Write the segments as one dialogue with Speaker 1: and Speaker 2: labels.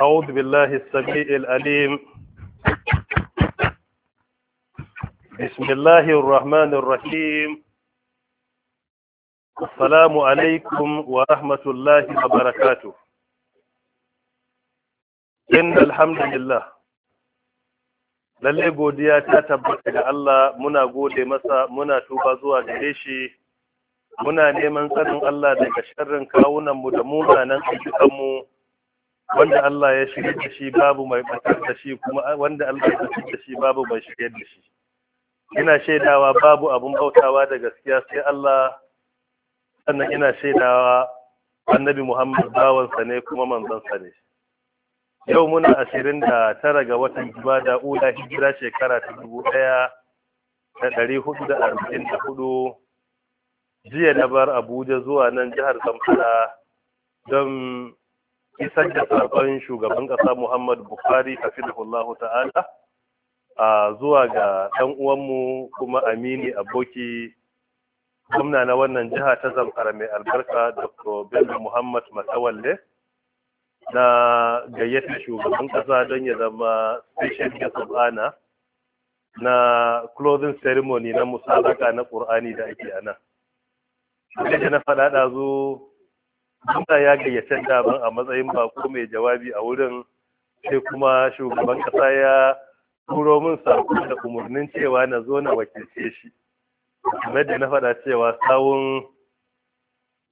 Speaker 1: أعوذ بالله السميع العليم بسم الله الرحمن الرحيم السلام عليكم ورحمة الله وبركاته إن الحمد لله lalle godiya ta tabbata ga Allah muna gode masa muna tuba zuwa gare shi muna neman tsarin Allah daga sharrin kawunanmu da munanan ayyukanmu wanda Allah ya shirya da shi babu mai batar da shi kuma wanda Allah ya shirya da shi babu mai shirya da shi
Speaker 2: ina shaidawa
Speaker 1: babu abun bautawa da gaskiya sai Allah sannan ina shaidawa annabi Muhammad bawansa ne kuma sa ne yau muna ashirin da tara ga watan jibada ula hijira shekara ta dubu ɗaya da ɗari hudu da arba'in da hudu jiya na bar abuja zuwa nan jihar zamfara don isar da sabon shugaban ƙasa Muhammad Bukhari hafizahullahu ta'ala a zuwa ga ɗan uwanmu kuma Amini Aboki gwamna na wannan jiha ta Zamfara mai albarka Dr. Bello Muhammad Matawalle na gayyata shugaban ƙasa don ya zama special guest of honor na closing ceremony na musabaka na Qur'ani da ake a nan. na faɗaɗazu. Muna ya gayyace daban a matsayin bako mai jawabi a wurin sai kuma shugaban kasa ya turo min sako da umarnin cewa na zo na wakilce shi. Kamar da na faɗa cewa sawun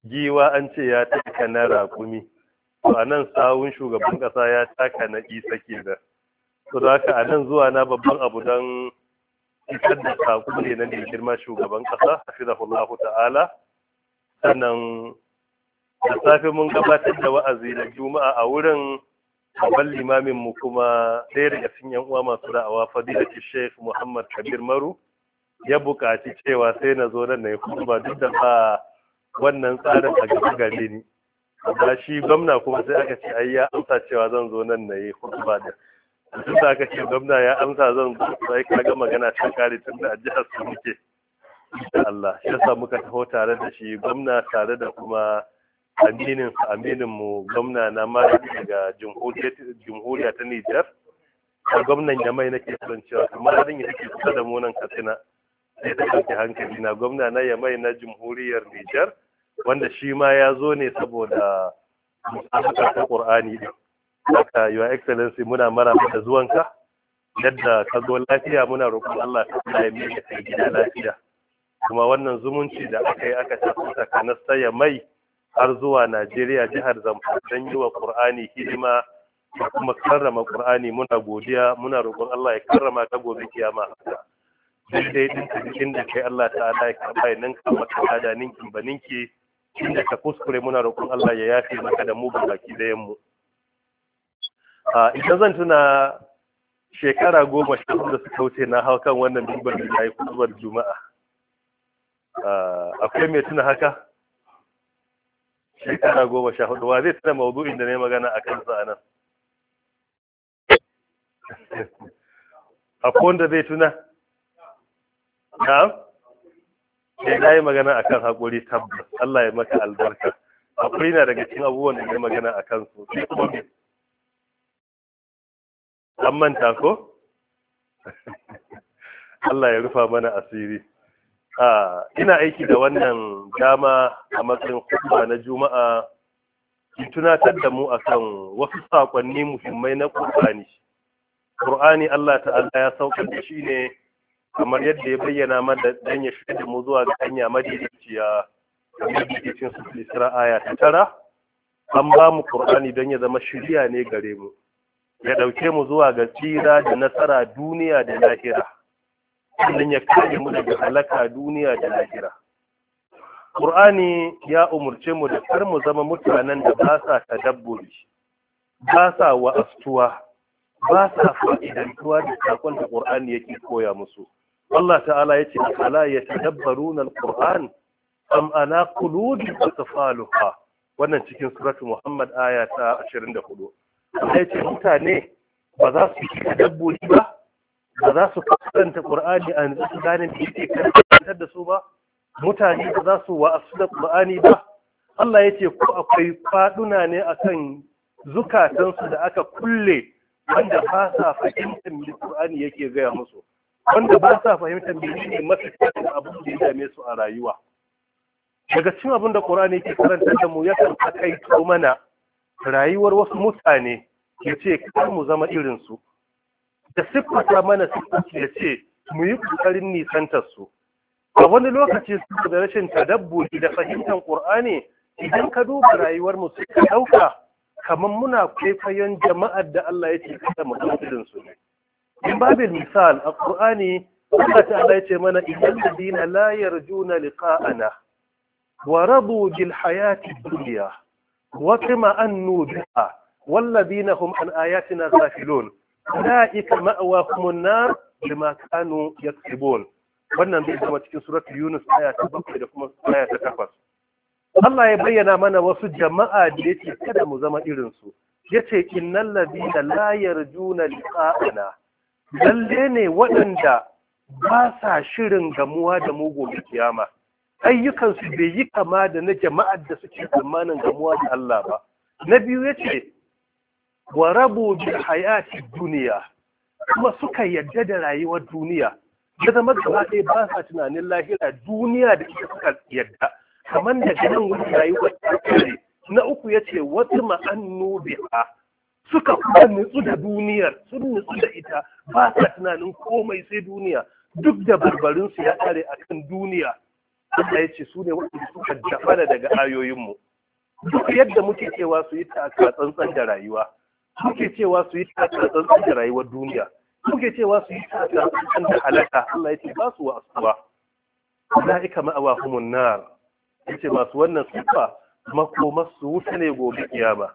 Speaker 1: giwa an ce ya taka na raƙumi. To a nan sawun shugaban kasa ya taka na isa ke da. To da haka a nan zuwa na babban abu don
Speaker 2: fitar da saƙo
Speaker 1: ne na girma shugaban ƙasa, hafizahullahu ta'ala. Sannan da safe mun gabatar da wa'azi na juma'a a wurin babban limamin mu kuma ɗaya daga cikin yan uwa masu ra'awa. Fadila ki sheikh muhammad kabir maru ya buƙaci cewa sai na zo nan na yi kuma duk da ba wannan tsarin a gaba gare ni amma shi gwamna kuma sai aka ce ai ya amsa cewa zan zo nan na yi kuma da duk da aka ce gwamna ya amsa zan zo sai kaga magana ta kare tun da ajiyar jihar su muke Allah shi sa muka taho tare da shi gwamna tare da kuma aminin mu gwamna na mara daga jamhuriya ta Nijar a gwamnan yamai mai nake son cewa kamar din yake kusa da munan Katsina sai ta ɗauki hankali na gwamna na yamai na jamhuriyar Nijar wanda shi ma ya zo ne saboda musamman ta Qur'ani din haka your excellency muna mara da zuwanka yadda ka zo lafiya muna roƙon Allah ka ya mai ka gida lafiya kuma wannan zumunci da aka yi aka tafi tsakanin saya mai har zuwa Najeriya jihar Zamfara don yi wa Qur'ani hidima da kuma karrama Qur'ani muna godiya muna roƙon Allah ya karrama ta gobe kiyama daidai din cikin da kai Allah ta ala ya karba nan ka mata da ninkin ba ninki inda ka kuskure muna roƙon Allah ya yafi maka da mu baki dayan mu idan zan tuna shekara goma sha da suka wuce na hau kan wannan dubar da ya yi juma'a akwai mai tuna haka shekara goma sha hudu wa zai tana maudu'in da ne magana a kansa a nan wanda zai tuna na'am sai eh, yi magana a kan haƙuri tabbas Allah ya maka albarka haƙuri na daga cikin abubuwan da ne magana a kan an manta ko Allah ya rufa mana asiri Ah, ina aiki da wannan dama a matsayin kuma na juma'a in tunatar da mu akan wasu saƙonni muhimmai na ƙur'ani ƙur'ani Allah ta'ala ya saukar da shi ne kamar yadda ya bayyana da dan ya shirya mu zuwa ga hanya madidiciya kamar yadda cikin ta tara an ba mu ƙur'ani don ya zama shirya ne gare mu ya ɗauke mu zuwa ga tsira da nasara duniya da lahira sannan ya kare mu daga halaka duniya da lahira ƙur'ani ya umurce mu da kar mu zama mutanen da ba sa dabbobi, ba sa wa'astuwa ba sa fa'idantuwa da sakon da Qur'ani yake koya musu Allah ta'ala ya yace ala yatadabbaruna al-Qur'an am ala qulubin faluka" wannan cikin suratu Muhammad aya ta 24 Allah ce mutane ba za su yi tadabburi ba ba za su karanta Qur'ani a yanzu ganin da yake karantar da su ba mutane ba za su wa'asu da Qur'ani ba Allah yace ko akwai faduna ne akan zukatansu da aka kulle wanda ba sa fahimtar me Qur'ani yake gaya musu wanda ba sa fahimtar menene mafita da abin da ya dame su a rayuwa daga cikin abin da Qur'ani yake karanta da mu yakan takaito mana rayuwar wasu mutane yace kar mu zama irin su da siffata mana siffaci ya ce mu yi ƙoƙarin nisantar su a wani lokaci da rashin tadabbuci da fahimtar ƙur'ani idan ka duba rayuwar mu suka ɗauka kamar muna kwaikwayon jama'ar da Allah ya ce kada mu su ne in babin misal a ƙur'ani
Speaker 2: Allah ta'ala ya
Speaker 1: ce mana idan dina la yarjuna liqa'ana wa radu bil hayati dunya wa kama annu biha والذين هم عن آياتنا غافلون ulaika ma'awahumun nar bima kanu yaksibun wannan zai zama cikin suratul yunus aya ta bakwai da kuma aya ta takwas Allah ya bayyana mana wasu jama'a da yace kada mu zama irin su yace innal ladina la yarjuna liqa'ana lalle ne waɗanda ba sa shirin gamuwa da mu gobe kiyama ayyukansu bai yi kama da na jama'ar da suke tsammanin gamuwa da Allah ba na biyu yace wa rabu bil hayati duniya kuma suka yadda da rayuwar duniya ya zama gaba ɗaya ba sa tunanin lahira duniya da ita suka yadda kamar daga ganin wani rayuwar tsakari na uku ya ce wata ma'annu bi'a suka kuma nutsu da duniyar sun nutsu da ita ba sa tunanin komai sai duniya duk da barbarinsu ya a kan duniya Allah ya ce su ne waɗanda suka jafana daga ayoyinmu duk yadda muke cewa su yi taka tsantsan da rayuwa muke cewa su yi tsantsan da rayuwar duniya muke cewa su yi
Speaker 2: tsantsan da halaka
Speaker 1: Allah ya ce ba su wa asuba ulaika ma'awahumun nar yace masu wannan sifa makomar su wuta ne gobe kiyama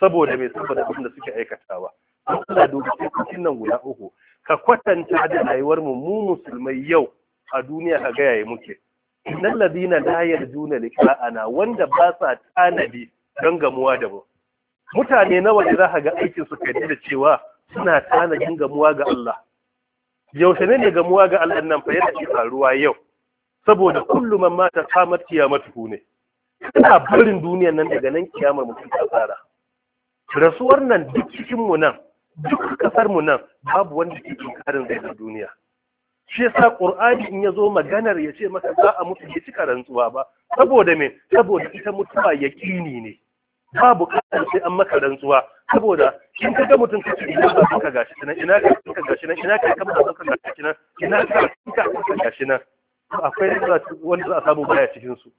Speaker 1: saboda mai saboda abin da suke aikatawa don Allah dubi cikin nan guda uku ka kwatanta da rayuwar mu mu musulmai yau a duniya ka gaya ya muke nan ladina la yarjuna liqa'ana wanda ba sa tanadi don gamuwa da mu mutane nawa ne za ka ga aikin su kai da cewa suna tanadin gamuwa ga Allah yaushe ne ne gamuwa ga Allah nan fa da ci faruwa yau saboda kullum man mata kamar kiyamatu ne ina barin duniyan nan daga nan kiyamar mutum ta fara rasuwar nan duk cikin mu nan duk kasar mu nan babu wanda ke karin zai duniya shi yasa qur'ani in yazo maganar ya ce maka za a mutu ya cika rantsuwa ba saboda me saboda ita mutuwa yaqini ne ba bukatar sai an maka rantsuwa saboda in ka ga mutum kace ina ka ka gashi nan ina ka ka gashi nan ina ka ka ka gashi nan ina ka ka ka gashi nan akwai wanda za a samu baya cikin su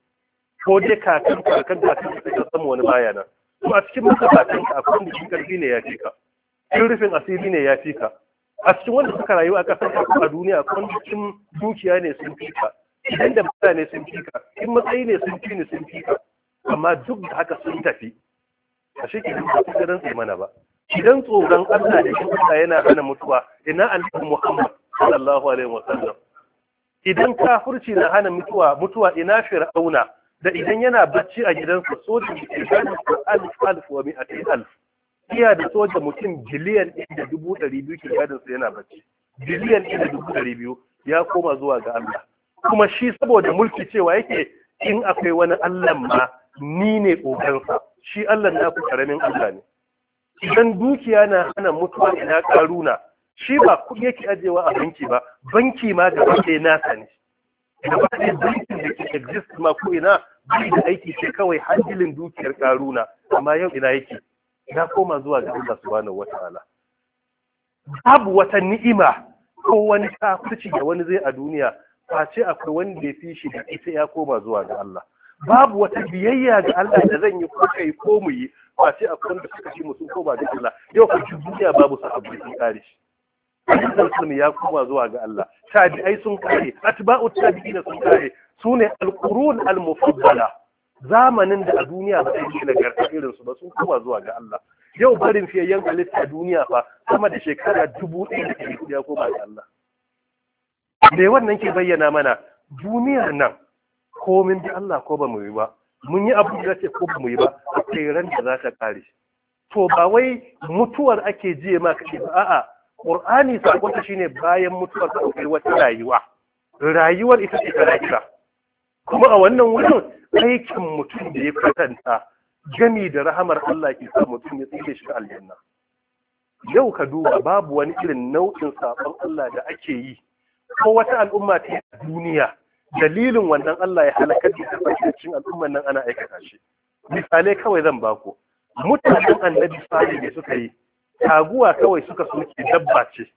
Speaker 1: ko dai kakan kakan kakan kan ka samu wani baya nan to a cikin masabatan ka akwai wanda cikin karfi ne ya fi ka cikin rufin asiri ne ya fi ka a cikin wanda suka rayu a ƙasar kasar a duniya akwai wanda cikin dukiya ne sun fi ka idan da mutane sun fi ka in matsayi ne sun fi ni sun fi ka amma duk da haka sun tafi a shi kenan da kuka mana ba idan tsoron Allah da shi Allah yana hana mutuwa ina annabi Muhammad sallallahu alaihi wasallam idan kafirci na hana mutuwa mutuwa ina fir'auna da idan yana bacci a gidansa soja ke gani alif alif wa mi'ati alif iya da soja mutum biliyan ɗin da dubu ɗari biyu ke gadinsa yana bacci biliyan ɗin da dubu ɗari biyu ya koma zuwa ga Allah kuma shi saboda mulki cewa yake in akwai wani Allah ma ni ne ogansa shi Allah na ku karamin Allah ne idan dukiya na hana mutuwa ina karuna shi ba kuɗi yake ajewa a banki ba banki ma da kake nasa ne
Speaker 2: da ba da bankin
Speaker 1: da ke exist ma ko ina bai da aiki sai kawai hanjilin dukiyar karuna amma yau ina yake na koma zuwa ga Allah subhanahu wataala babu wata ni'ima ko wani kafirci da wani zai a duniya face akwai wanda ya fi shi da ita ya koma zuwa ga Allah babu wata biyayya ga Allah da zan yi ko kai ko mu yi ba sai akwai da suka ci musu ko ba da Allah yau ku ci duniya babu sa sun kare shi Allah sun ya kuma zuwa ga Allah tabi'ai sun kare atba'u tabi'ina sun kare sune alqurun almufaddala zamanin da a duniya ba sai nagarta irin su ba sun kuma zuwa ga Allah yau barin fiyayyen halitta duniya fa sama da shekara dubu ɗaya da ya koma ga Allah me wannan ke bayyana mana duniyar nan komin da Allah ko ba mu yi ba mun yi abin da ce ko ba mu yi ba akwai ran da za ta kare to ba wai mutuwar ake jiye ma kace ba a'a Qur'ani sakon ta shine bayan mutuwar ka akwai wata rayuwa rayuwar ita ce ta lahira kuma a wannan wurin aikin mutum da ya kwatanta gani da rahamar Allah ke sa mutum ya tsire shi aljanna yau ka duba babu wani irin nau'in sabon Allah da ake yi ko wata al'umma ta duniya dalilin wannan Allah ya halakar da tabbacin al'umman nan ana aikata shi misalai kawai zan ba bako mutanen annabi salih da suka yi taguwa kawai suka soke dabba ce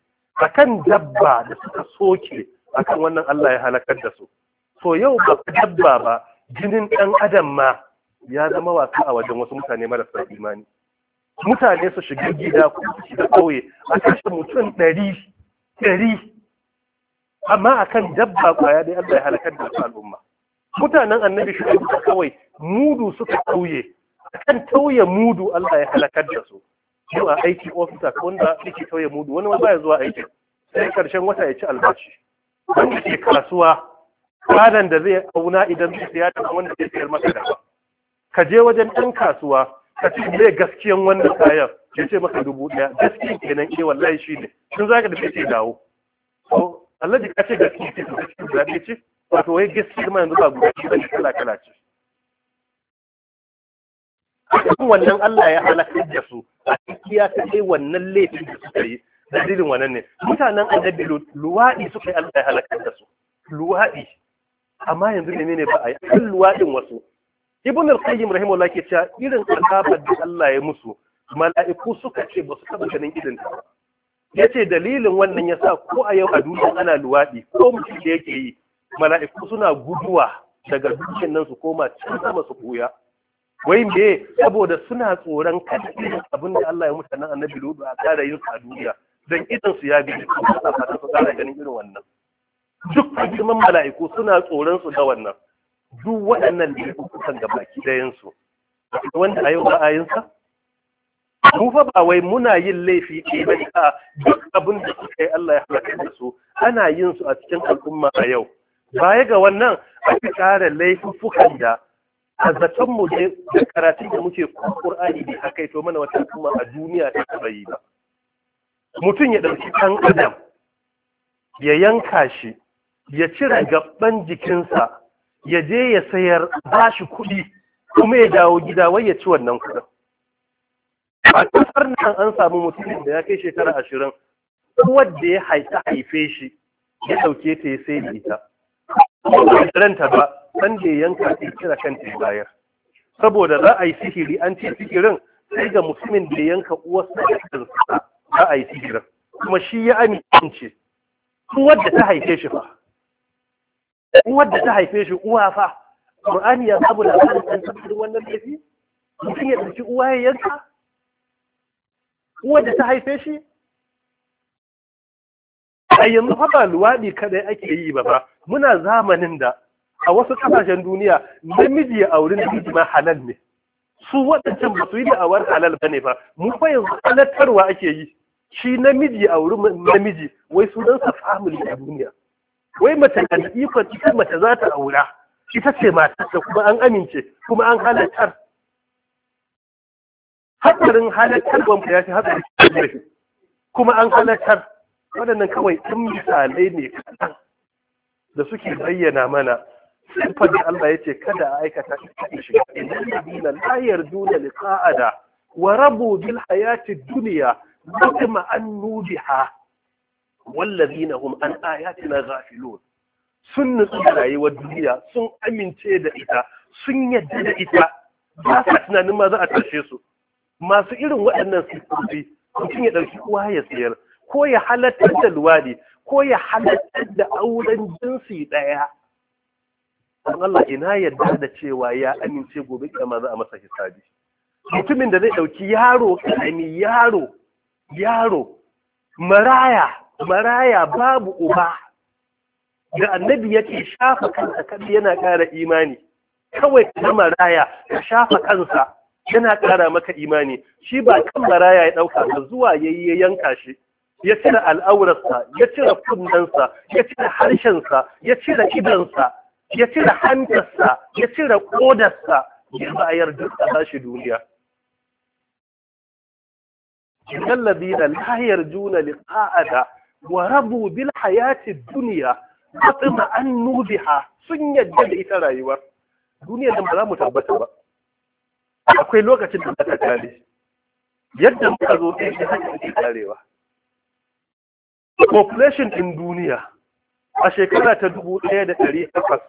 Speaker 1: akan dabba da suka soke akan wannan Allah ya halakar da su so yau ba dabba ba jinin ɗan adam ma ya zama wasa a wajen wasu mutane marasa imani mutane su shiga gida ko su shiga kauye a kashe mutum ɗari ɗari amma akan dabba kwaya dai Allah ya halakar da al'umma mutanen annabi ne kawai mudu suka tauye akan tauye mudu Allah ya halakar da su yau a aiki ofisa ko wanda yake tauye mudu wani wani ya zuwa aiki sai karshen wata ya ci albashi wanda ke kasuwa kwanan da zai auna idan zai siya ta wanda zai sayar maka da ka je wajen ɗan kasuwa ka ci me gaskiyan wannan kayan ya ce maka dubu ɗaya gaskiyan kenan ke eh wallahi shi ne tun za ka da ce dawo Allah ji kace gaskiya ce da cikin guda ɗaya wato wai gaskiya ma yanzu ba guda ɗaya bane kala kala ce wannan Allah ya halaka da su a ya ta dai wannan laifin da suka yi dalilin wannan ne mutanen annabi luwaɗi suka yi Allah ya halaka da su luwaɗi amma yanzu ne ne ba a yi an luwaɗin wasu ibn al-qayyim rahimahullah ke cewa irin azabar da Allah ya musu mala'iku suka ce ba su taɓa ganin irin ta ba ya ce dalilin wannan ya sa ko a yau a duniya ana luwaɗi ko mutum da yake yi mala'iku suna guduwa daga dukkan nan su koma can sama su ɓuya wai me saboda suna tsoron kada irin abin da Allah ya mutanen annabi lubu a kara yin a duniya dan idan su ya bi kuma fata su ƙara ganin irin wannan
Speaker 2: duk hikiman
Speaker 1: mala'iku suna tsoron su da wannan duk waɗannan da kan gabaki dayan wanda a yau mu ba wai muna yin laifi ɗaya ba a duk abin da suka yi Allah ya halaka da su ana yin su a cikin al'umma a yau baya ga wannan a fi tsara laifuffukan da a zaton mu da karatun da muke ƙur'ani da aka yi to mana wata al'umma a duniya ta taɓa yi ba mutum ya ɗauki ɗan adam ya yanka shi ya cire gaban jikinsa ya je ya sayar ba shi kuɗi kuma ya dawo gida wai ya ci wannan kuɗin a ƙasar nan an samu mutumin da ya kai shekara ashirin wadda ya haita haife shi ya ɗauke ta ya sai a ita ranta ba san da yanka ta kira kanta ya bayar saboda za a yi sihiri an ce sihirin sai ga mutumin da yanka uwarsa da kansa za a yi sihirin kuma shi ya amince wadda ta haife shi fa wadda ta haife shi uwa fa Qur'ani ya saboda an san wannan laifi mutum ya ɗauki uwa ya yanka wadda ta haife shi a yanzu haɓa luwaɗi kadai ake yi ba ba muna zamanin da a wasu ƙasashen duniya namiji ya auri namiji ma halal ne su waɗancan ba su yi awar halal ba ne ba mu fa yanzu halattarwa ake yi shi namiji ya auri namiji wai sunansa family a duniya wai mace da ikon ita mace za ta aura ita ce mata kuma an amince kuma an halattar hatsarin halartar gwamnati ya fi hatsarin shi kuma an halartar. waɗannan kawai ɗin misalai ne kaɗan da suke bayyana mana siffar da Allah ya ce kada a aikata shi kaɗin shiga idan da dina layar duna liqa'ada wa rabu bil hayati duniya mutuma an nubiha wallazina hum an ayatina ghafilun sun nutsu da rayuwar duniya sun amince da ita sun yadda da ita ba sa tunanin ma za a tashe su masu irin waɗannan siffofi mutum ya ɗauki uwa ya sayar ko ya halatta da luwadi
Speaker 2: ko ya halatta
Speaker 1: da auren jinsi ɗaya don Allah ina yarda da cewa ya amince gobe kama za a masa hisabi mutumin da zai ɗauki yaro ƙarami yaro yaro maraya maraya babu uba da annabi yake shafa kansa kan yana ƙara imani kawai ka maraya ka shafa kansa yana ƙara maka imani shi ba kan maraya ya ɗauka ba zuwa ya yi ya yanka shi ya cire al'aurarsa ya cire kunnensa ya cire harshensa ya cire idansa ya cire hantarsa ya cire ƙodarsa ya bayar duk a bashi duniya الذين duniya, يرجون لقاءنا sun بالحياة da ita بها سنة da ba za mu tabbata ba. akwai lokacin da ta kare yadda muka zo ɗaya shi hanyar ke karewa population in duniya a shekara ta dubu ɗaya da ɗari takwas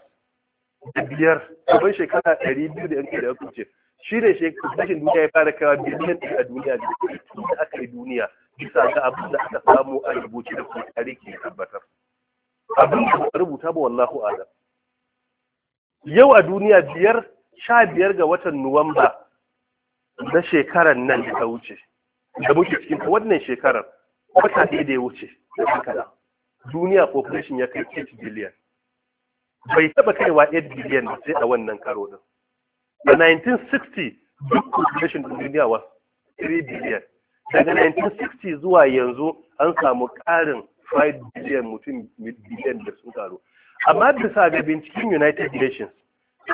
Speaker 1: da biyar kamar shekara ɗari biyu da yanke da ya kuce shi ne population duniya ya fara kawo biliyan ɗin a duniya da tun da aka yi duniya bisa ga abin da aka samu a rubuce da kuma ke tabbatar abin da ba rubuta ba wallahu alam yau a duniya biyar sha biyar ga watan nuwamba na shekarar nan da ta wuce da muke cikin wannan shekarar wata ɗaya da ya wuce da hankala duniya population ya kai 8 billion bai taba kaiwa 8 billion da sai a wannan karo din da 1960 duk population din duniya was 3 billion
Speaker 2: daga 1960
Speaker 1: zuwa yanzu an samu ƙarin 5 billion mutum biliyan da sun karo amma bisa ga binciken united nations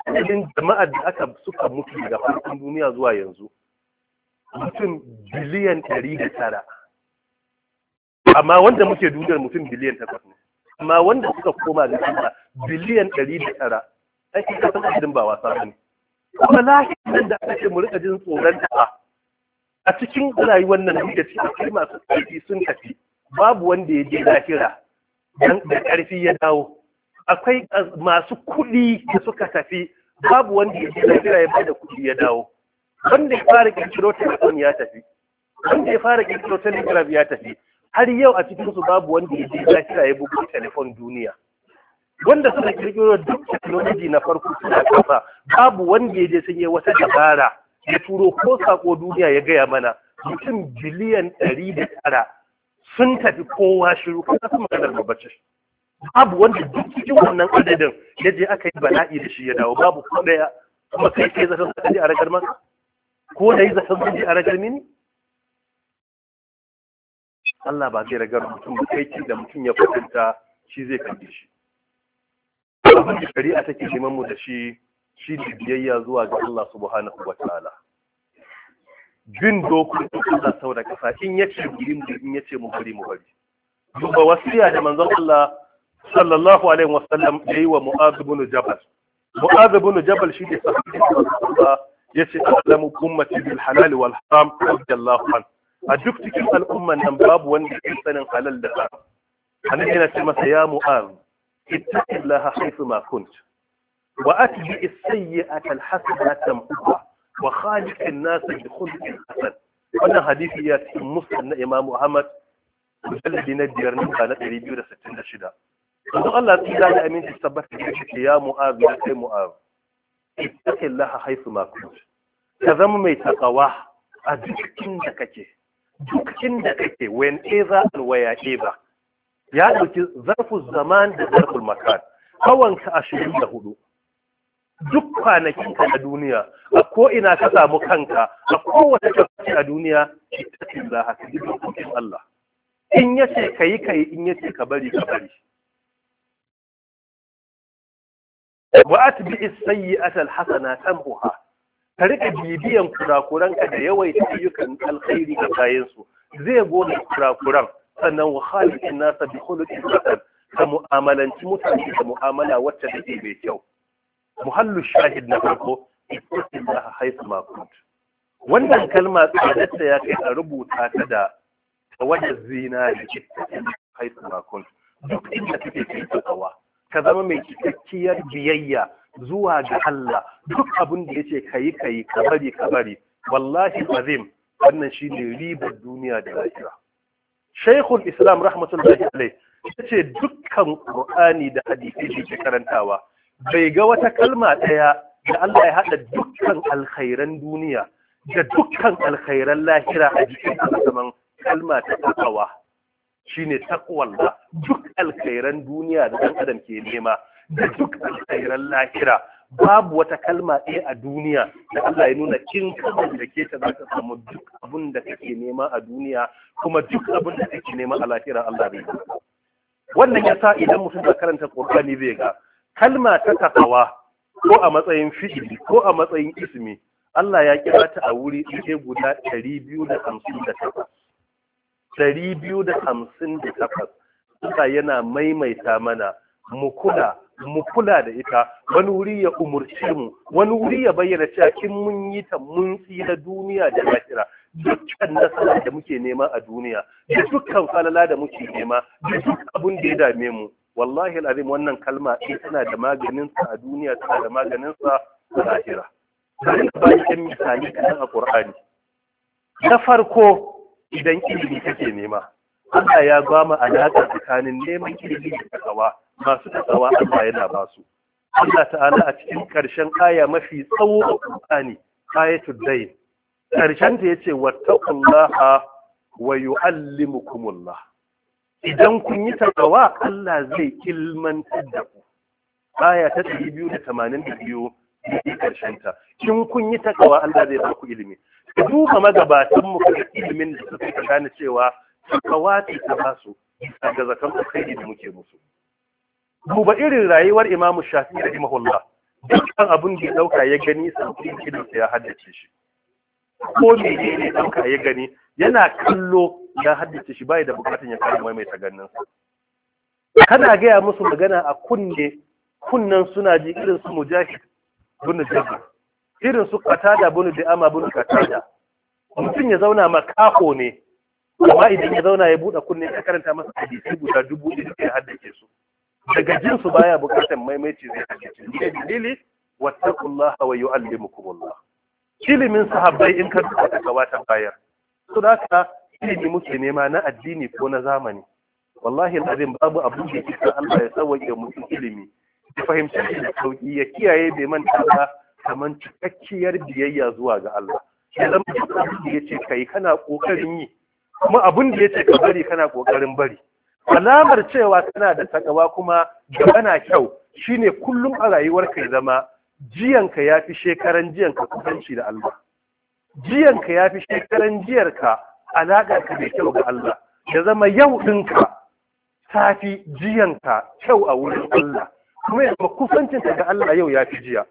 Speaker 1: adadin jama'ar da aka suka mutu daga farkon duniya zuwa yanzu mutum biliyan ɗari da tara amma wanda muke duniyar mutum biliyan takwas ne amma wanda suka koma da Allah biliyan ɗari da tara ake kasan adadin ba wasa ba ne kuma lahirin da ake mu jin tsoron ta a cikin rayuwar nan da ci akwai masu ƙarfi sun tafi babu wanda ya je lahira dan da ƙarfi ya dawo akwai masu kuɗi da suka tafi babu wanda ya je lafiya ya bada kuɗi ya dawo wanda ya fara kirkiro telegram ya tafi wanda ya fara kirkiro telegram ya tafi har yau a cikin su babu wanda ya je lafiya ya bugu telefon duniya wanda suka kirkiro duk teknoloji na farko suna kafa babu wanda ya je sun yi wata dabara ya turo ko sako duniya ya gaya mana mutum biliyan ɗari da tara sun tafi kowa shiru kuma su maganar babacin babu wanda duk cikin wannan adadin ya je aka yi bala'i da shi ya dawo babu ko daya kuma kai kai zaton zaka je a ragar masa
Speaker 2: ko da yi zaton zan je
Speaker 1: a ragar mini Allah ba zai ragar mutum ba kai da mutum ya kwatanta shi zai kalli shi abin da shari'a take neman mu da shi shi ne biyayya zuwa ga Allah subhanahu wa ta'ala bin dokokin Allah sau da kasa in yace mu in yace mu bari mu bari duba wasiya da manzon Allah sallallahu alaihi wasallam ya yi wa mu'az ibn jabal mu'az ibn jabal shi ne sahabi ya ce alamu ummati bil halal wal haram radiyallahu an a duk cikin al'umman nan babu wanda ya sanin halal da haram annabi yana ce masa ya mu'az ittaqillaha haythu ma kunt wa atbi as-sayyi'ata al-hasanata tamhuha wa khaliq an-nas bi khuluqin hasan wannan hadisi ya cikin musnad na Imam Ahmad mujalladi na biyar nan na 266 don Allah su da aminci tabbata da shi ya mu'az ya kai mu'az Allah haifu ma ku ka zama mai takawa a dukkan da kake dukkan da kake when ever and where ever ya dauki zarfu zaman da zarful makan kawanka ashirin da hudu duk kwanakin ka a duniya a ko ina ka samu kanka a kowace kwanaki a duniya ittaqillaha ka ji dokokin Allah in yace kai kai in yace ka bari ka bari wa atbi as-sayyi'ata al-hasana tamhuha ka bibiyan kurakuran ka da yawaita ayyukan alkhairi ga kayansu su zai gode kurakuran sannan wa khaliqin nasa bi khuluqin hasan ka mu'amalanci mutane da mu'amala wacce take mai kyau muhallu shahid na farko ittaqillaha haythu ma kunt wannan kalma tsadarta ya kai a rubuta ta da wajen zinari haythu ma kunt
Speaker 2: duk inda kake kai tsawa
Speaker 1: ka zama mai cikakkiyar biyayya zuwa ga Allah duk abin da yace kayi kayi ka bari ka bari wallahi azim wannan shine ribar duniya da lafiya Shaikhul Islam rahmatullahi alaihi yace dukkan Qur'ani da hadisi da ke karantawa bai ga wata kalma ɗaya da Allah ya haɗa dukkan alkhairan duniya da dukkan alkhairan lahira a jikin kalma ta takawa shine takwalla duk alkhairan duniya da ɗan adam ke nema
Speaker 2: da duk alkhairan
Speaker 1: lahira babu wata kalma ɗaya a duniya da Allah ya nuna kin kamar da ke ta za samu duk abin da kake nema a duniya kuma duk abin da kake nema a lahira Allah bai wannan ya sa idan mutum da karanta Qur'ani bai ga kalma ta takawa ko a matsayin fi'ili ko a matsayin ismi Allah ya kira ta a wuri ɗaya guda ɗari biyu da hamsin da takwas Dari biyu da hamsin da takwas yana maimaita mana mu kula mu kula da ita wani wuri ya umurci mu wani wuri ya bayyana cewa kin mun yi ta mun tsira duniya da lahira dukkan nasara da muke nema a duniya da dukkan falala da muke nema da duk abin da ya dame mu wallahi alazim wannan kalma ita eh tana da maganin sa a duniya tana da maganin sa a lahira bari ka bayyana misali kan a na farko idan ilimi kake nema Allah ya ba mu alaƙa tsakanin neman ilimi da takawa masu takawa Allah yana ba su Allah ta'ala a cikin ƙarshen aya mafi tsawo a Qur'ani ayatul dayn ƙarshen ta yace wattaqullaha wa yu'allimukumullah
Speaker 2: idan kun yi
Speaker 1: takawa Allah zai ilmantar da ku aya ta 282 ne ƙarshen ta kin kun yi takawa Allah zai ba ku ilimi duba magabatan mu kan ilimin da suka ka gane cewa wace ta basu daga zakan alkhairi da muke musu duba irin rayuwar imamu Shafi da rahimahullah dukkan abin da ya dauka ya gani kidan idan ya haddace shi
Speaker 2: ko ne ne ya dauka ya
Speaker 1: gani yana kallo ya haddace shi bai da bukatun ya kai mai ta ganin kana gaya musu magana a kunne kunnen suna ji irin su mujahid bin jabbar irin su katada bunu da ama bunu katada mutum ya zauna makaho ne amma idan ya zauna ya buɗe kunne ya karanta masa hadisi guda dubu ɗin da haddace su daga jin su baya bukatar maimaici zai haddace ne dalili wattaqullaha wa yu'allimukumullah ilimin sahabbai in ka duka da gabatar bayar su da haka ilimi muke nema na addini ko na zamani wallahi alazim babu abu da yake Allah ya sauke mutum ilimi ya fahimci da sauki ya kiyaye bai manta ba kamar cikakkiyar biyayya zuwa ga Allah ya zama duk abin da ka kai kana ƙoƙarin yi kuma abin da ya ce ka bari kana ƙoƙarin bari alamar cewa kana da takawa kuma gaba na kyau shine kullum a rayuwar ka ya zama jiyanka ya fi shekaran jiyanka kusanci da Allah jiyanka ya fi shekaran jiyarka alaƙar ka mai kyau ga Allah ya zama yau ɗinka ta fi jiyanka kyau a wurin Allah kuma ya zama ga Allah yau ya fi jiya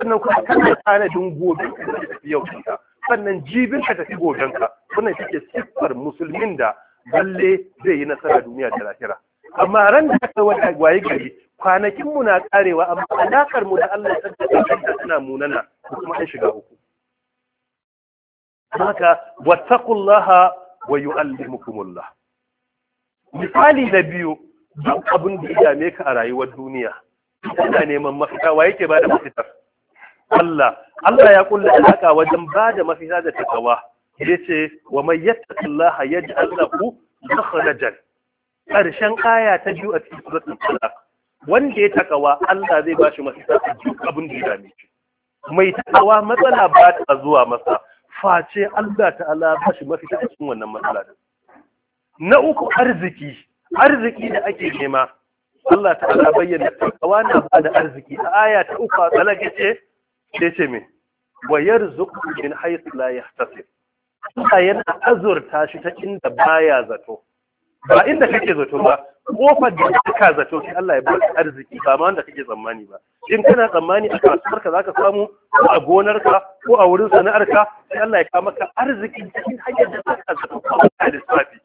Speaker 1: sannan kuma kana tanadin gobe ka tafi yau ka sannan jibin ka tafi goben ka wannan shike siffar musulmin da lalle zai yi nasara duniya da lahira amma ran da aka wata waye gari kwanakin mu na karewa amma alakar mu da Allah ta tabbata suna munana kuma an shiga uku haka wattaqullaha wa yu'allimukumullah misali na biyu duk abin da ya dame ka a rayuwar duniya kana neman mafita wa yake bada mafitar? Allah Allah ya kulle alaka wajen bada mafita da takawa yace wa may yattaqillaha yaj'al lahu
Speaker 2: makhrajan
Speaker 1: karshen aya ta biyu a cikin suratul talaq wanda ya takawa Allah zai bashi mafita a duk abin da ya dame shi mai takawa matsala ba ta zuwa masa face Allah ta'ala ba shi mafita a cikin wannan matsala na uku arziki arziki da ake nema Allah ta'ala bayyana takawa na ba da arziki a aya ta uku a tsalaka ce sai ce me Wayar yarzuqu min haythu la yahtasib Allah yana azurta shi ta inda baya zato ba inda kake zato ba kofar da suka zato shi Allah ya bar arziki ba ma wanda kake tsammani ba in kana tsammani a kasuwar ka zaka samu ko a gonar ka ko a wurin sana'ar ka sai Allah ya kawo maka arziki cikin hanyar da suka zato ko a lissafi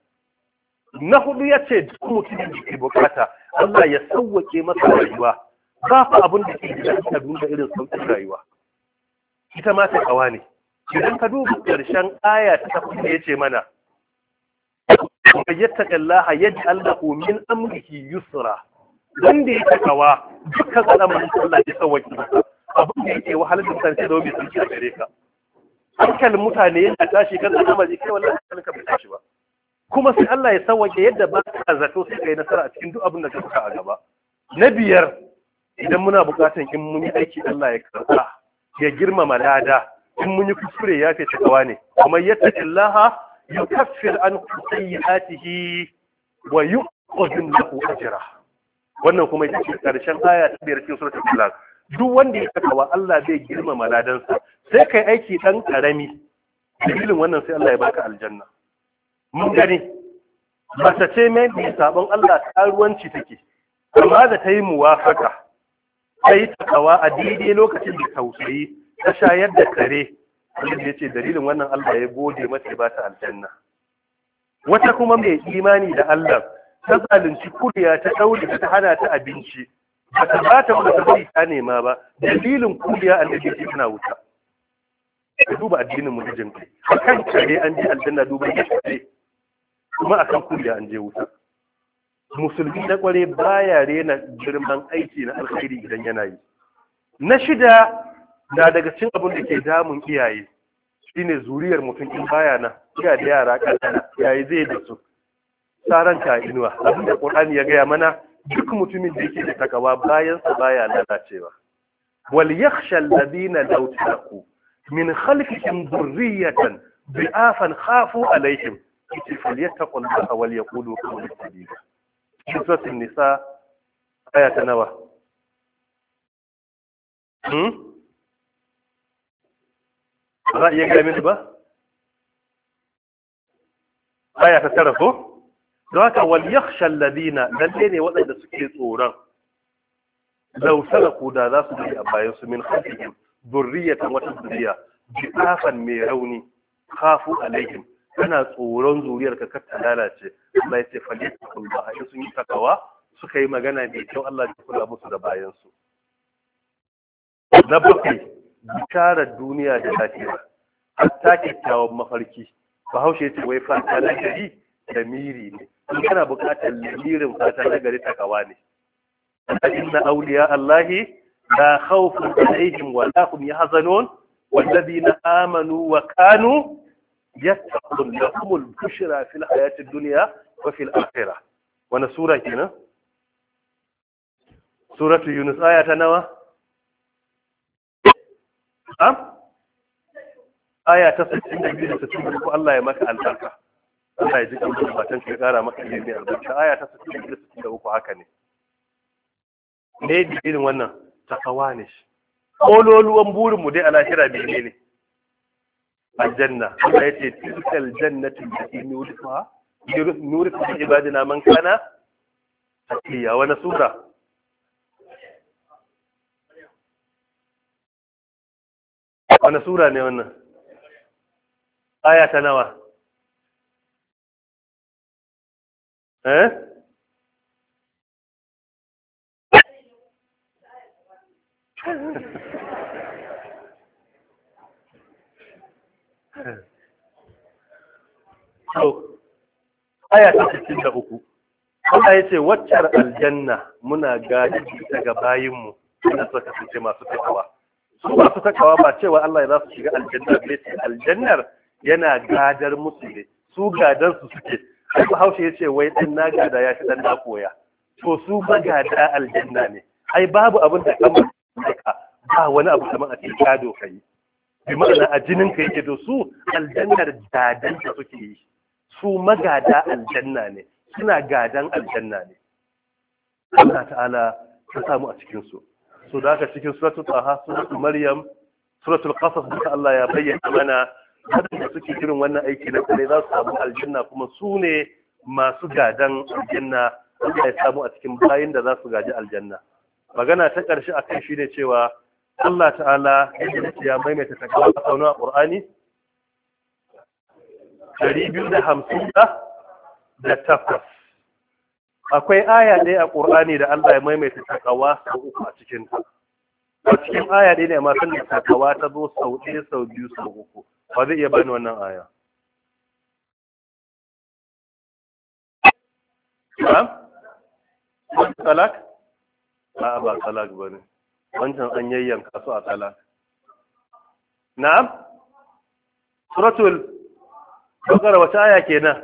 Speaker 1: na hudu ya ce duk mutumin da ke bukata Allah ya sauwake masa rayuwa ba fa abin da ke da duniya irin sauƙin rayuwa ita ma kawa ne idan ka duba ƙarshen aya ta tafi da yace mana ya yattaqillaha yaj'al lahu min amrihi yusra wanda ya duka dukkan al'amuran Allah ya sauwaki masa abin da yake wahalar da sarki da bai sarki a gare ka hankalin mutane yana tashi kan al'amari kai wallahi hankalin ka bai tashi ba kuma sai Allah ya sauwake yadda ba ka zato sai kai nasara a cikin duk abin da ka saka a gaba na biyar idan muna bukatan in mun yi aiki Allah ya karɓa ya girmama lada in mun yi kuskure ya fi takawa ne kuma ya yukaffir an sayyi'atihi wa yu'adhim ku ajira wannan kuma ita ce karshen aya ta biyar cikin suratul talaq duk wanda ya takawa Allah zai girmama ladansa sai kai aiki ɗan karami dalilin wannan sai Allah ya baka aljanna mun gani mace ce mai sabon Allah karuwanci take amma da ta yi muwafaka ta yi takawa a daidai lokacin da tausayi ta shayar da kare wanda ya ce dalilin wannan Allah ya gode mata ba ta aljanna wata kuma mai imani da Allah ta zalunci kuriya ta ɗaure ta hana ta abinci
Speaker 2: ba ta ba ta wata bari
Speaker 1: ta nema ba dalilin kuriya annabi ya tana wuta ka duba addinin mutum kai akan kare an je aljanna duba ya kuma akan kuriya an je wuta musulmi na kware baya rena girman aiki na alkhairi idan yana yi na shida na daga cin abin da ke damun iyaye shine zuriyar mutum in baya na, ga da yara kanana yayi zai da su tsaran ta inuwa abin da qur'ani ya gaya mana duk mutumin da yake da takawa bayan sa baya lalacewa wal yakhsha alladhina law taqu min khalfihim dhurriyatan bi'afan khafu alaihim fal yattaqullaha wal yaqulu qawlan sadida cikin suratul nisa aya ta nawa hmm? ba za a iya gaya mini ba aya ta tara ko wal yakhsha alladina lalle ne waɗanda suke tsoron law salaku da za su bi a bayan su min khalfihim dhurriyatan wata dhurriya mai rauni khafu alaihim kana tsoron zuriyar ka ta lalace Allah ya ce ba, in sun yi takawa suka yi magana mai kyau Allah ya kula musu da bayan su na bakwai bisharar duniya da lafiya hatta kyakkyawan mafarki bahaushe ce wai fata na gari da miri ne in kana buƙatar lamirin fata na gari takawa ne inna auliya Allahi la khawfun alaihim wa la hum yahzanun Amanu wa kanu yattaqun lahumul bushra fil hayatid dunya wa fil akhirah wani sura kenan suratu yunus aya ta nawa am aya ta 62 da 63 Allah ya maka albarka Allah ya ji kamar matan ka kara maka ilimi albarka aya ta 62 da 63 haka ne ne irin wannan takawa ne shi
Speaker 2: kololuwan
Speaker 1: burin mu dai a lahira bene ne aljanna Allah yace tilkal jannatu allati nurifuha nurifu bi ibadina man kana hakiya wa nasura
Speaker 2: wani sura ne wannan aya ta nawa eh so
Speaker 1: aya ta cikin da uku Allah ya ce waccar aljanna muna gadi daga bayinmu ina suka kasance masu takawa su masu takawa ba cewa Allah ya za su shiga aljanna ne aljannar yana gadar musu ne su gadar su suke ai haushe ya ce wai dan na gada ya shi dan na koya to su ba gada aljanna ne ai babu abin da kamar ba wani abu kamar a cikin gado kai bi ma'ana a jinin ka yake da su aljannar dadan da suke yi su magada aljanna ne suna gadan aljanna ne Allah ta'ala ta samu a cikin su so da ka cikin suratul taha suratul maryam suratul qasas duka Allah ya bayyana mana da suke irin wannan aiki na kare za su samu aljanna kuma su ne masu gadan aljanna Allah ya samu a cikin bayin da za su gaji aljanna magana ta ƙarshe akan shi ne cewa Allah ta'ala ya maimaita takawa a sauna a ƙur'ani
Speaker 2: 250
Speaker 1: da takwas akwai aya ɗaya a ƙur'ani da Allah ya maimaita takawa sau uku a cikinta. ta a cikin aya ɗaya ne masu sannan takawa ta zo sau ɗaya sau biyu sau uku ba zai iya bani wannan aya
Speaker 2: Na'am? Wani
Speaker 1: talak? A'a ba talak ba ne. wancan an yayyanka su a tsala. na'am suratul bakara wata aya kenan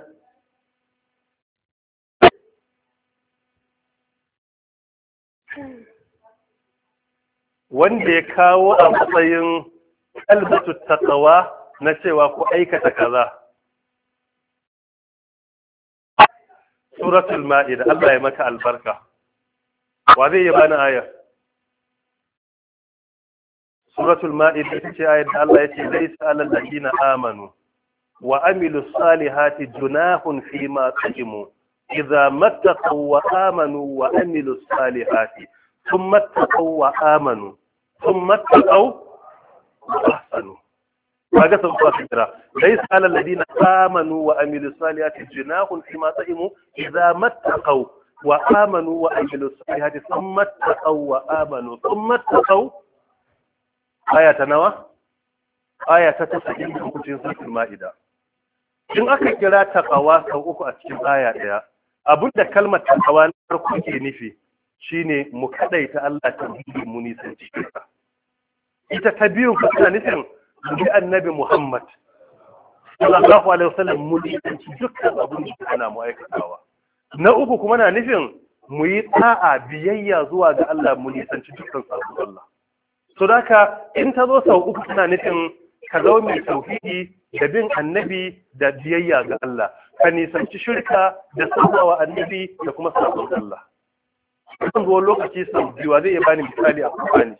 Speaker 1: wanda ya kawo a matsayin kalbatu tattawa na cewa ko aikata kaza suratul ma'ida Allah ya maka albarka wa zai yi bani ayar سورة المائدة آية الله يتي ليس على الذين آمنوا وعملوا الصالحات جناح فيما قدموا إذا ما اتقوا وآمنوا وعملوا الصالحات ثم اتقوا وآمنوا ثم اتقوا وأحسنوا ليس على الذين آمنوا وعملوا الصالحات جناح فيما قدموا إذا ما اتقوا وآمنوا وعملوا الصالحات ثم اتقوا وآمنوا ثم اتقوا aya ta nawa aya ta 93 cikin suratul maida in aka kira Takawa sau uku a cikin aya daya abinda kalmar Takawa na farko ke nufi shine mu kadaita Allah ta mu nisan cikin ita ta biyun ku suna nufin bi annabi Muhammad sallallahu alaihi wasallam mu nisan dukkan abin da ana mu na uku kuma na nufin mu yi ta'a biyayya zuwa ga Allah mu nisanci dukkan sabon Allah so in ta zo sau uku tana nufin ka zo mai tauhidi da bin annabi da biyayya ga Allah ka nisanci shirka da sabawa annabi da kuma sabon Allah kan zuwa lokaci sau biyu zai iya bani misali a Qur'ani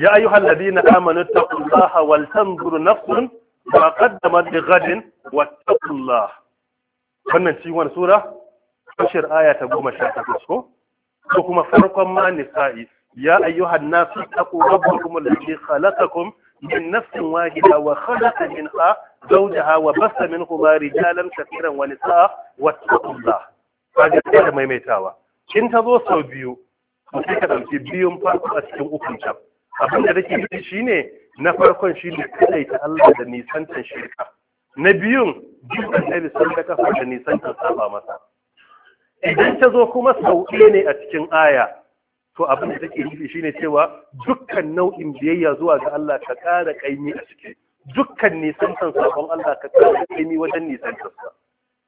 Speaker 2: يا أيها الذين
Speaker 1: آمنوا اتقوا الله ولتنظر نفس ba kaddama da gadin wattakullah wannan ciwon sura tsura fashir aya ta goma sha ta ko kuma farkon ma nisa'i ya ayyuhan nasu ta kura gurgumu da ke kun min nafsin wahida wa halatta min ha zau basa hawa basta min kuma rijalan tafiran wani sa wattakullah ba ga tsaye maimaitawa kin tazo zo sau biyu mutum ka ɗauki biyun farko a cikin hukuncan abinda dake ke shi ne na farkon shi ne ta Allah da nisantan shirka na biyun jin annabi sun da kafa da nisantan saba masa idan ta zo kuma sau ne a cikin aya to abin da take nufi shine cewa dukkan nau'in biyayya zuwa ga Allah ka ƙara ƙaimi a ciki dukkan nisantan sabon Allah ka ƙara ƙaimi wajen nisantarsa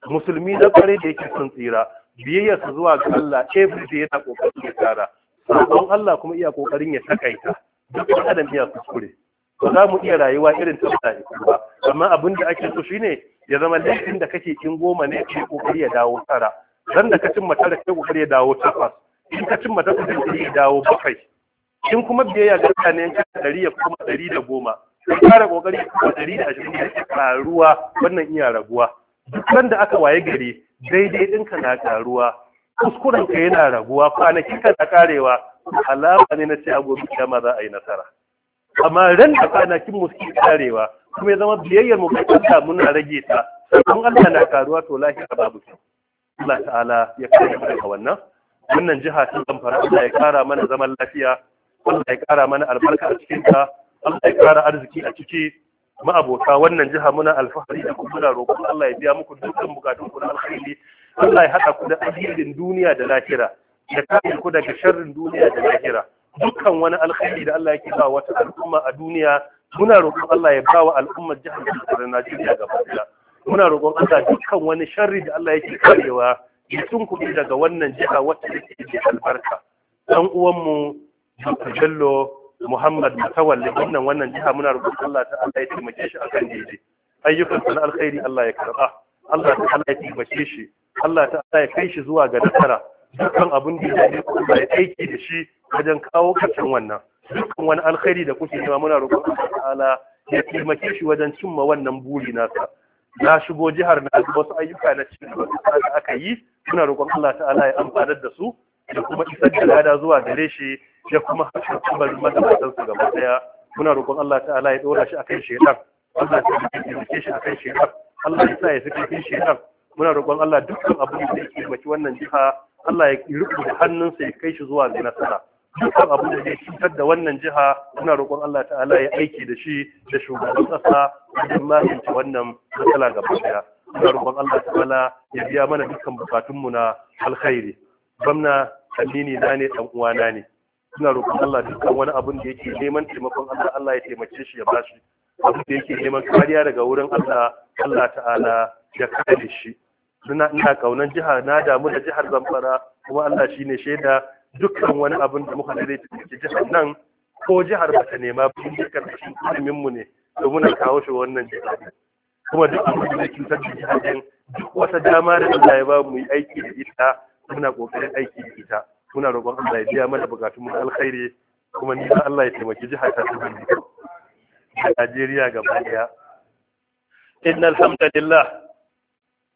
Speaker 1: musulmi na kware da yake sun tsira biyayyarsa zuwa ga Allah every day yana ƙoƙarin ya tsara sabon Allah kuma iya ƙoƙarin ya takaita duk adam iya kuskure ba za mu iya rayuwa irin ta mutane ba amma abin da ake so shine ya zama laifin da kake kin goma ne ke kokari ya dawo tara dan da ka mata tara ke kokari ya dawo takwas in ka mata da ke ya dawo bakwai in kuma biyayya ga mutane ka ɗari ya kuma ɗari da goma ka fara kokari ya kuma da ashirin ya karuwa wannan iya raguwa duk da aka waye gari daidai ɗinka na karuwa kuskurenka yana raguwa kwanakinka na karewa alama ne na ce a gobe kiyama za a yi nasara amma ran da kwanakin mu suke karewa kuma ya zama biyayyar mu kai Allah muna rage ta kun Allah na karuwa to lafiya babu Allah ta'ala ya kare mu daga wannan wannan jiha ta zamfara Allah ya kara mana zaman lafiya Allah ya kara mana albarka a cikin ta Allah ya kara arziki a ciki ma'abota wannan jiha muna alfahari da kuma muna roƙon Allah ya biya muku dukkan bukatun ku na alkhairi Allah ya haɗa ku da alherin duniya da lahira ya kare ku daga sharrin duniya da lahira dukkan wani alkhairi da Allah yake ba wata al'umma a duniya muna roƙon Allah ya ba wa al'ummar jihar da Najeriya ga ɗaya muna roƙon Allah dukkan wani sharri da Allah yake karewa ya tunkuɗe daga wannan jiha wacce take da albarka dan mu, Dr. Bello Muhammad Mutawalli wannan wannan jiha muna roƙon Allah ta Allah ya taimake shi akan daidai ayyukan sa alkhairi Allah ya karba Allah ta Allah ya taimake shi Allah ta Allah ya kai shi zuwa ga nasara dukkan abin da ya ku aiki da shi wajen kawo karshen wannan dukkan wani alkhairi da kuke nema muna roƙon Allah ta'ala ya taimake shi wajen cimma wannan buri nasa na shigo jihar na wasu ayyuka na cikin da aka yi muna roƙon Allah ta'ala ya amfana da su da kuma isar da lada zuwa gare shi ya kuma haɗa kuma magabatan su gaba daya muna roƙon Allah ta'ala ya ɗora shi akan shaitan Allah ta taimake shi akan shaitan Allah ya sa ya fi shaitan muna roƙon Allah dukkan abin da yake maki wannan jiha Allah ya riƙe da hannunsa ya kai shi zuwa ga nasara dukkan abu da zai cutar da wannan jiha suna roƙon Allah ta'ala ya aiki da shi da shugaban ƙasa wajen magance wannan matsala gaba daya Suna roƙon Allah ta'ala ya biya mana dukkan bukatunmu na alkhairi gwamna amini na ne dan uwana ne Suna roƙon Allah dukkan wani abun da yake neman taimakon Allah Allah ya taimake shi ya bashi abin da yake neman kariya daga wurin Allah Allah ta'ala ya kare shi ina ina kaunan jiha na damu da jihar Zamfara kuma Allah ne shaida dukkan wani abin da muka dare cikin jihar nan ko jihar ba ta nema ba mun karkashin ilimin mu ne to muna kawo shi wannan jihar kuma duk abin da yake cutar da jihar din
Speaker 2: duk wata dama da Allah
Speaker 1: ya ba mu yi aiki da ita muna kokarin aiki da ita muna roƙon Allah ya biya mana bukatun mu alkhairi kuma ni Allah ya taimaki jihar ta ta Najeriya gaba daya innal hamdalillah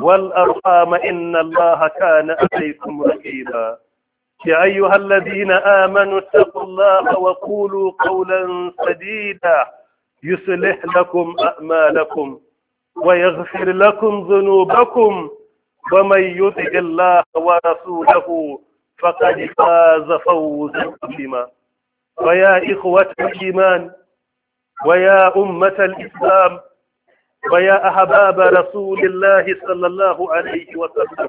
Speaker 1: والأرحام إن الله كان عليكم رقيبا يا أيها الذين آمنوا اتقوا الله وقولوا قولا سديدا يصلح لكم أعمالكم ويغفر لكم ذنوبكم ومن يطع الله ورسوله فقد فاز فوزا عظيما ويا إخوة الإيمان ويا أمة الإسلام ويا أحباب رسول الله صلى الله عليه وسلم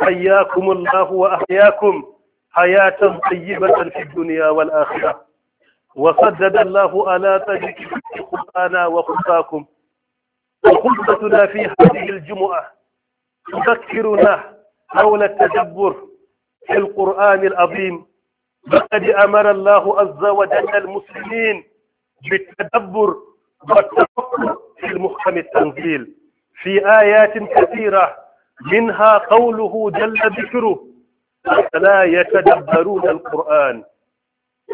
Speaker 1: حياكم الله وأحياكم حياة طيبة في الدنيا والآخرة وصدد الله ألا تجد قرآنا وخطاكم وخطتنا في هذه الجمعة تذكرنا حول التدبر في القرآن العظيم لقد أمر الله عز وجل المسلمين بالتدبر والتفكر في المحكم التنزيل في آيات كثيرة منها قوله جل ذكره لا يتدبرون القرآن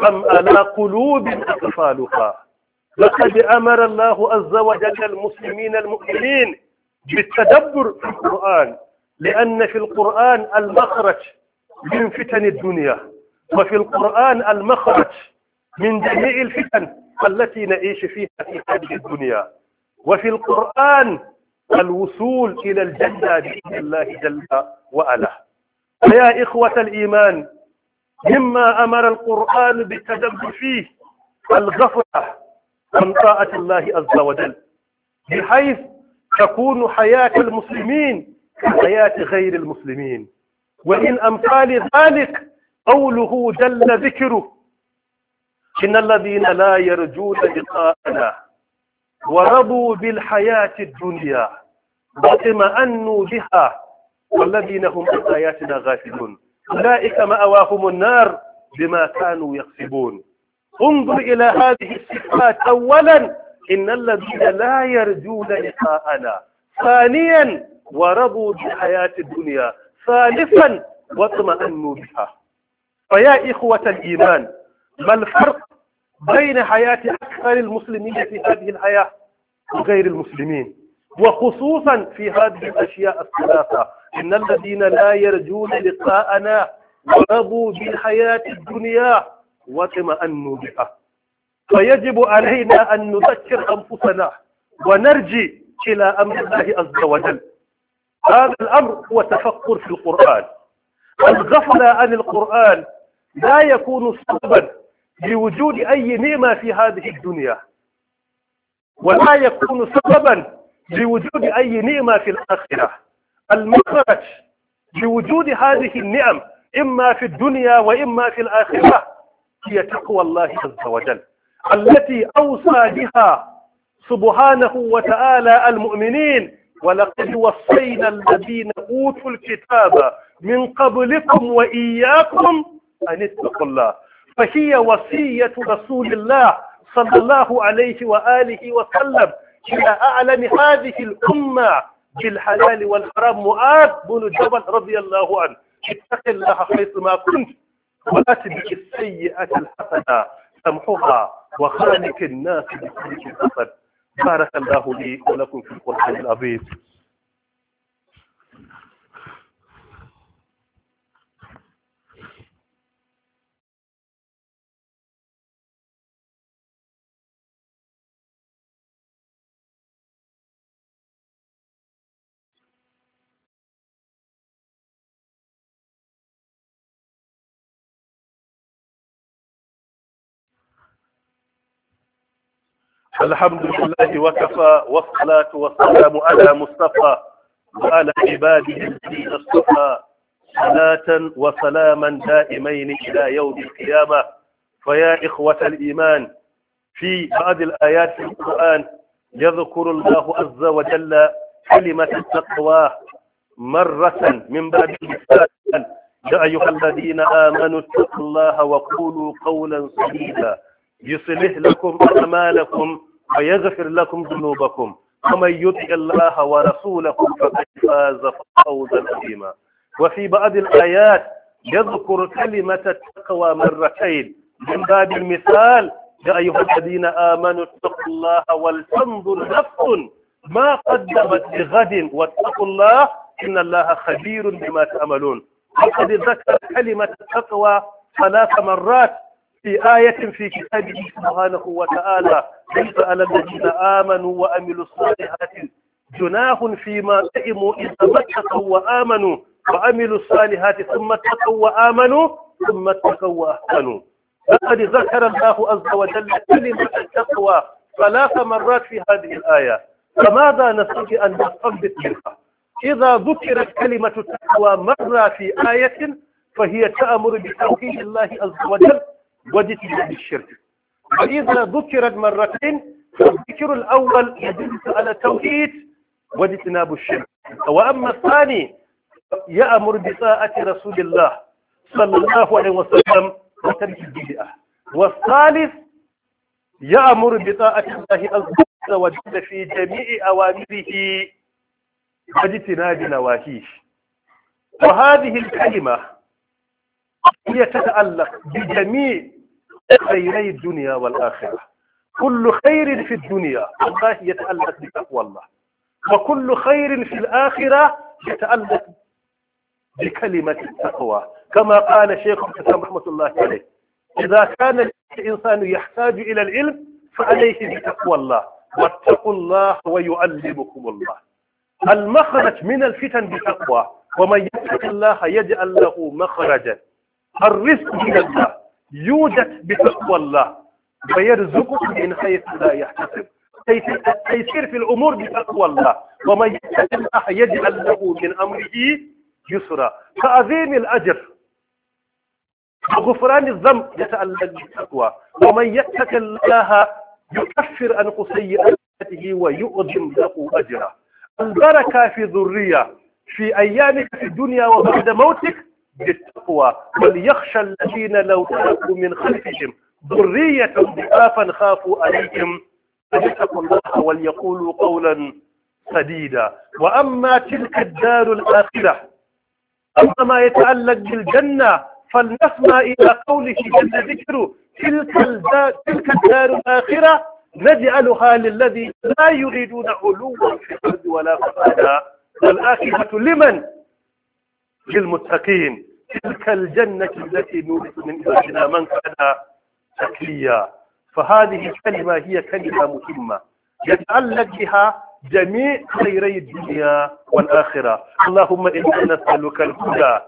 Speaker 1: أم على قلوب أقفالها لقد أمر الله عز وجل المسلمين المؤمنين بالتدبر في القرآن لأن في القرآن المخرج من فتن الدنيا وفي القرآن المخرج من جميع الفتن التي نعيش فيها في هذه الدنيا وفي القرآن الوصول إلى الجنة بإذن الله جل وعلا فيا إخوة الإيمان مما أمر القرآن بالتدبر فيه الغفلة عن طاعة الله عز وجل بحيث تكون حياة المسلمين كحياة غير المسلمين ومن أمثال ذلك قوله جل ذكره إن الذين لا يرجون لقاءنا ورضوا بالحياة الدنيا واطمأنوا بها والذين هم عن آياتنا غافلون أولئك مأواهم النار بما كانوا يكسبون انظر إلى هذه الصفات أولا إن الذين لا يرجون لقاءنا ثانيا ورضوا بالحياة الدنيا
Speaker 2: ثالثا
Speaker 1: واطمأنوا بها فيا إخوة الإيمان ما الفرق بين حياة أكثر المسلمين في هذه الحياة وغير المسلمين وخصوصا في هذه الأشياء الثلاثة إن الذين لا يرجون لقاءنا رضوا بالحياة الدنيا واطمأنوا بها فيجب علينا أن نذكر أنفسنا ونرجع إلى أمر الله عز وجل هذا الأمر هو تفكر في القرآن الغفلة عن القرآن لا يكون سببا لوجود أي نعمة في هذه الدنيا ولا يكون سببا لوجود أي نعمة في الآخرة المخرج لوجود هذه النعم إما في الدنيا وإما في الآخرة هي تقوى الله عز وجل التي أوصى بها سبحانه وتعالى المؤمنين ولقد وصينا الذين أوتوا الكتاب من قبلكم وإياكم أن اتقوا الله فهي وصية رسول الله صلى الله عليه وآله وسلم إلى أعلم هذه الأمة بالحلال والحرام مؤاد بن جبل رضي الله عنه اتق الله حيثما كنت ولا تبك السيئة الحسنة سمحها وخالق الناس بكل حسن بارك الله لي ولكم في القرآن العظيم الحمد لله وكفى والصلاة والسلام على مصطفى وعلى عباده الذين اصطفى صلاة وسلاما دائمين إلى يوم القيامة فيا إخوة الإيمان في بعض الآيات في القرآن يذكر الله عز وجل كلمة التقوى مرة من بعد المثال يا أيها الذين آمنوا اتقوا الله وقولوا قولا سديدا يصلح لكم أعمالكم ويغفر لكم ذنوبكم ومن يطع الله ورسوله فقد فاز فوزا عظيما وفي بعض الآيات يذكر كلمة التقوى مرتين من باب المثال يا أيها الذين آمنوا اتقوا الله ولتنظر نفس ما قدمت لغد واتقوا الله إن الله خبير بما تعملون وقد ذكر كلمة التقوى ثلاث مرات في آية في كتابه سبحانه وتعالى كيف على الذين آمنوا وعملوا الصالحات جناح فيما سئموا إذا ما اتقوا وآمنوا وعملوا الصالحات ثم اتقوا وآمنوا ثم اتقوا وأحسنوا لقد ذكر الله عز وجل كلمة التقوى ثلاث مرات في هذه الآية فماذا نستطيع أن نستنبط منها؟ إذا ذكرت كلمة التقوى مرة في آية فهي تأمر بتوحيد الله عز وجل واجتناب الشرك وإذا ذكرت مرتين فالذكر الأول يدل على التوحيد واجتناب الشرك وأما الثاني يأمر بطاعة رسول الله صلى الله عليه وسلم وترك البدعة والثالث يأمر بطاعة الله عز وجل في جميع أوامره واجتناب نواهيه وهذه الكلمة هي تتعلق بجميع خيري الدنيا والآخرة كل خير في الدنيا الله يتألق بتقوى الله وكل خير في الآخرة يتألق بكلمة التقوى كما قال شيخ الإسلام رحمة الله عليه إذا كان الإنسان يحتاج إلى العلم فعليه بتقوى الله واتقوا الله ويعلمكم الله المخرج من الفتن بتقوى ومن يتق الله يجعل له مخرجا الرزق من الله يوجد بتقوى الله ويرزقه من حيث لا يحتسب التيسير في الأمور بتقوى الله ومن يتق الله يجعل له من أمره يسرا تعظيم الأجر وغفران الذنب يتألق بالتقوى ومن يتق الله يكفر عن سيئاته ويؤذن له اجرا البركة في ذرية في أيامك في الدنيا وبعد موتك بالتقوى وليخشى الذين لو تركوا من خلفهم ذرية ضعافا خافوا عليهم فليتقوا الله وليقولوا قولا سديدا وأما تلك الدار الآخرة أما ما يتعلق بالجنة فلنسمع إلى قوله جل ذكره تلك الدار, تلك الدار الآخرة نجعلها للذي لا يريدون علوا في الأرض ولا فسادا والآخرة لمن للمتقين تلك الجنة التي نورث من إبادنا من كان تقيا فهذه الكلمة هي كلمة مهمة يتعلق بها جميع خيري الدنيا والآخرة اللهم إنا نسألك الهدى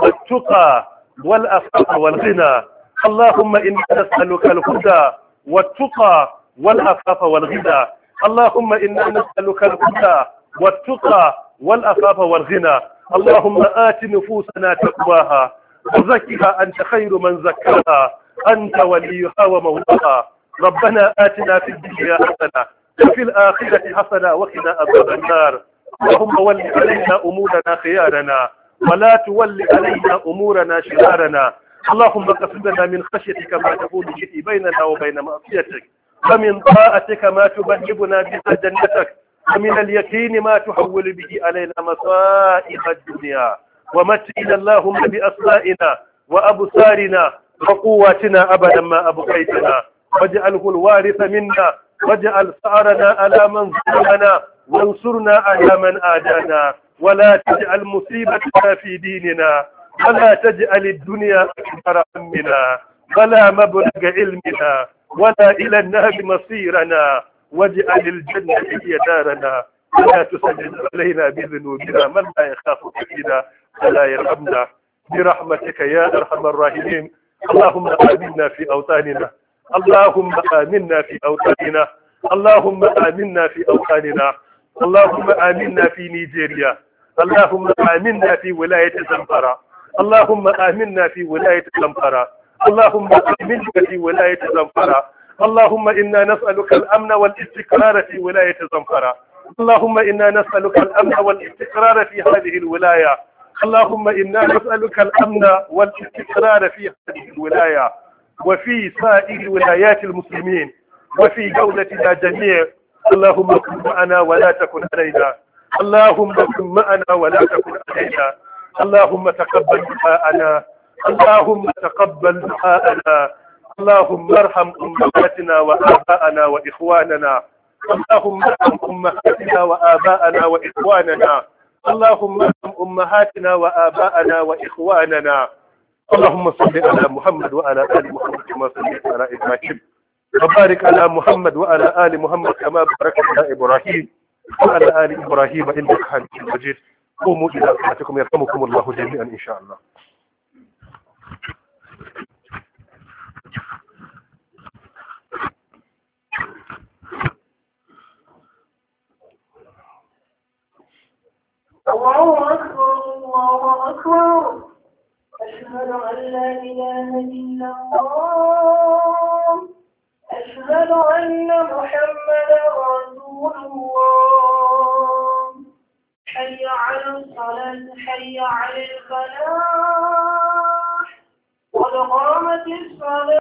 Speaker 1: والتقى والأفاق والغنى اللهم إنا نسألك الهدى والتقى والأفاف والغنى اللهم إنا نسألك الهدى والتقى والأفاف والغنى اللهم آت نفوسنا تقواها وزكها أنت خير من زكاها أنت وليها ومولاها ربنا آتنا في الدنيا حسنة وفي الآخرة حسنة وقنا أبواب النار اللهم ول علينا أمورنا خيارنا ولا تول علينا أمورنا شرارنا اللهم اقسم لنا من خشيتك ما تقول به بيننا وبين معصيتك ومن طاعتك ما تبلغنا بها جنتك ومن اليقين ما تحول به علينا مصائب الدنيا ومتعنا اللهم بأسمائنا وأبصارنا وقواتنا أبدا ما أبقيتنا واجعله الوارث منا واجعل ثأرنا على من ظلمنا وانصرنا على من آدانا ولا تجعل مصيبتنا في ديننا ولا تجعل الدنيا أكبر همنا ولا مبلغ علمنا ولا إلى النهب مصيرنا واجعل الجنة هي دارنا ولا تسجد علينا بذنوبنا من لا يخافك فينا ولا يرحمنا برحمتك يا أرحم الراحمين اللهم آمنا في أوطاننا اللهم آمنا في أوطاننا اللهم آمنا في أوطاننا اللهم آمنا في نيجيريا اللهم آمنا في ولاية زمخرة اللهم آمنا في ولاية زمخرة اللهم آمنا في ولاية زمخرة اللهم إنا نسألك الأمن والاستقرار في ولاية زمخرة اللهم إنا نسألك الأمن والاستقرار في هذه الولاية اللهم إنا نسألك الأمن والاستقرار في هذه الولاية وفي سائر ولايات المسلمين وفي دولتنا جميع اللهم كن معنا ولا تكن علينا اللهم كن معنا ولا تكن علينا اللهم تقبل دعاءنا اللهم تقبل دعاءنا اللهم ارحم أمهاتنا وآباءنا وإخواننا اللهم ارحم أمهاتنا وآباءنا وإخواننا اللهم ارحم أمهاتنا وآباءنا وإخواننا
Speaker 2: اللهم صل على
Speaker 1: محمد وعلى آل محمد كما صليت على إبراهيم وبارك على محمد وعلى آل محمد كما باركت على إبراهيم وعلى آل إبراهيم إنك حميد مجيد قوموا إلى صلاتكم يرحمكم الله جميعا إن شاء الله
Speaker 2: الله أكبر الله أكبر أشهد أن لا إله إلا الله أشهد أن محمدا رسول الله حي على الصلاة حي على الفلاح قد الصلاة